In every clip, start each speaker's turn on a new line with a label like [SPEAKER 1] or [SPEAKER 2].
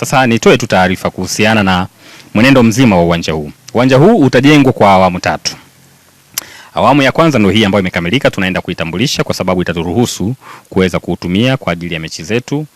[SPEAKER 1] Sasa nitoe tu taarifa kuhusiana na mwenendo mzima wa uwanja huu. Uwanja huu utajengwa kwa awamu tatu. Awamu ya kwanza ndio hii ambayo imekamilika, tunaenda kuitambulisha kwa sababu itaturuhusu kuweza kuutumia kwa ajili ya mechi zetu,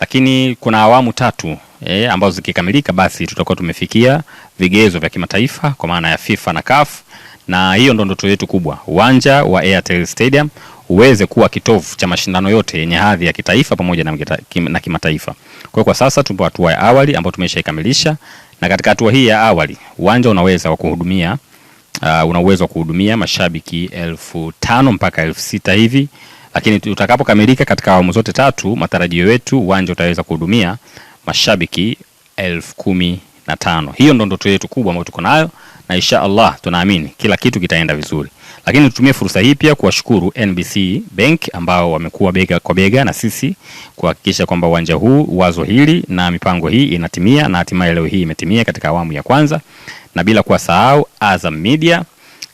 [SPEAKER 1] lakini kuna awamu tatu eh, ambazo zikikamilika, basi tutakuwa tumefikia vigezo vya kimataifa kwa maana ya FIFA na CAF, na hiyo ndo ndoto yetu kubwa, uwanja wa Airtel Stadium uweze kuwa kitovu cha mashindano yote yenye hadhi ya kitaifa pamoja na, na kimataifa. Kwa hiyo kwa sasa tupo hatua ya awali ambayo tumeshaikamilisha, na katika hatua hii ya awali uwanja unaweza wa kuhudumia uh, una uwezo wa kuhudumia mashabiki elfu tano mpaka elfu sita hivi, lakini utakapokamilika katika awamu zote tatu, matarajio yetu uwanja utaweza kuhudumia mashabiki elfu kumi na tano. Hiyo ndo ndoto yetu kubwa ambayo tuko nayo na insha Allah tunaamini kila kitu kitaenda vizuri, lakini tutumie fursa hii pia kuwashukuru NBC Bank ambao wamekuwa bega kwa bega na sisi kuhakikisha kwamba uwanja huu, wazo hili na mipango hii inatimia na hatimaye leo hii imetimia katika awamu ya kwanza, na bila kuwasahau Azam Media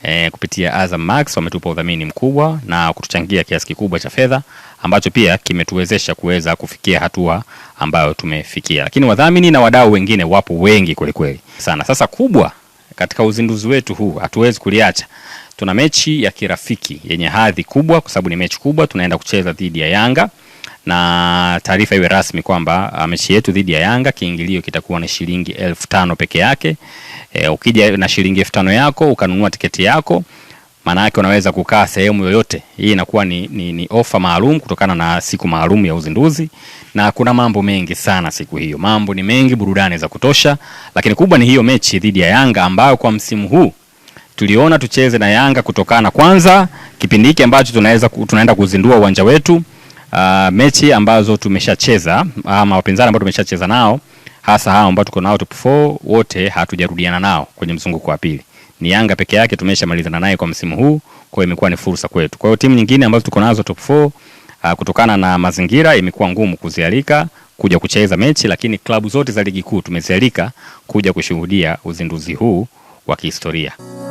[SPEAKER 1] E, kupitia Azam Max wametupa udhamini mkubwa na kutuchangia kiasi kikubwa cha fedha ambacho pia kimetuwezesha kuweza kufikia hatua ambayo tumefikia, lakini wadhamini na wadau wengine wapo wengi kwelikweli sana. Sasa kubwa katika uzinduzi wetu huu hatuwezi kuliacha. Tuna mechi ya kirafiki yenye hadhi kubwa, kwa sababu ni mechi kubwa. Tunaenda kucheza dhidi ya Yanga na taarifa iwe rasmi kwamba ah, mechi yetu dhidi ya Yanga kiingilio kitakuwa ni shilingi elfu tano peke yake. E, ukija na shilingi elfu tano yako ukanunua tiketi yako maana yake unaweza kukaa sehemu yoyote. Hii inakuwa ni, ni, ni ofa maalum kutokana na siku maalum ya uzinduzi, na kuna mambo mengi sana siku hiyo. Mambo ni mengi, burudani za kutosha, lakini kubwa ni hiyo mechi dhidi ya Yanga ambayo kwa msimu huu tuliona tucheze na Yanga kutokana kwanza kipindi hiki ambacho tunaweza tunaenda kuzindua uwanja wetu. Uh, mechi ambazo tumeshacheza ama wapinzani ambao tumeshacheza nao hasa hao ambao tuko nao top 4 wote hatujarudiana nao kwenye mzunguko wa pili ni Yanga peke yake tumeshamalizana naye kwa msimu huu, kwa hiyo imekuwa ni fursa kwetu. Kwa hiyo timu nyingine ambazo tuko nazo top 4 uh, ah, kutokana na mazingira imekuwa ngumu kuzialika kuja kucheza mechi, lakini klabu zote za ligi kuu tumezialika kuja kushuhudia uzinduzi huu wa kihistoria.